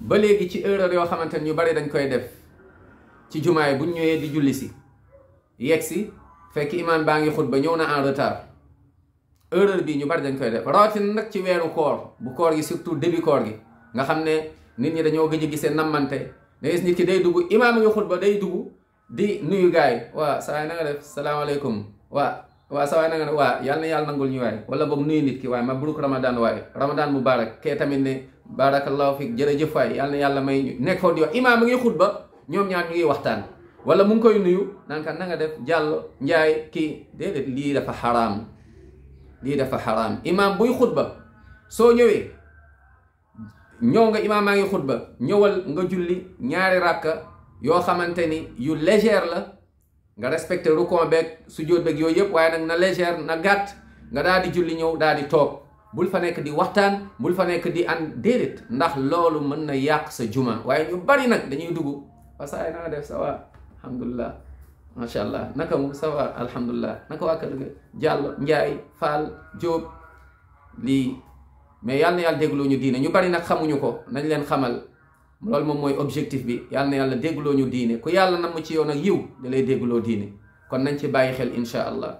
ba léegi ci erreur yoo xamante ni ñu bari dañ koy def ci jumaa yi bu ñëwee di julli si yegg si fekk imaam baa ngi xutba ñëw na en retard erreur bi ñu bari dañ koy def rawatina nag ci weeru koor bu koor gi surtout début koor gi nga xam ne nit ñi dañoo gëj a gisee nammante da gis nit ki day dugg imaam ngi xutba day dugg di nuyu gars waa saa waay na nga def waa waa saa waay na nga def waa yàlla na yàlla nangul ñu waay wala boog nuyu nit ki waaye mabruk ramadan waaye ramadan mubarak kee tamit barakallahu fiik jërëjëf waay yàlla yàlla may ñu nekk foofu di wax imaam a ngi xutba ñoom ñaar ñu ngi waxtaan wala mu ngi koy nuyu naan ka na def jàll njaay kii déedéet lii dafa xaraam lii dafa xaraam imaam buy xutba soo ñëwee ñëw nga imaam maa ngi xutba ñëwal nga julli ñaari ràkka yoo xamante ni yu leger la nga respecté rukon beeg sujjóot beeg yooyu yëpp waaye nag na légère na gàtt nga daal di julli ñëw daal di toog bul fa nekk di waxtaan bul fa nekk di an déedéet ndax loolu mën na yàq sa juma waaye ñu bari nag dañuy dugg wasaay na nga def ça va alhamdulilah macha allah naka mu ça va alhamdulilah naka waa kër ga Diallo Ndiaye Fall Diop lii mais yal na yàlla dégloo ñu diine ñu bari nag xamuñu ko nañ leen xamal loolu moom mooy objectif bi yal na yàlla dégloo ñu diine ku yàlla na mu ci yow nag yiw da lay dégloo diine kon nañ ci bàyyi xel incha allah.